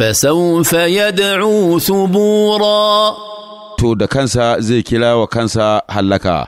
فسوف يدعو ثبورا تو دكانسا زي كلا وكانسا هلكا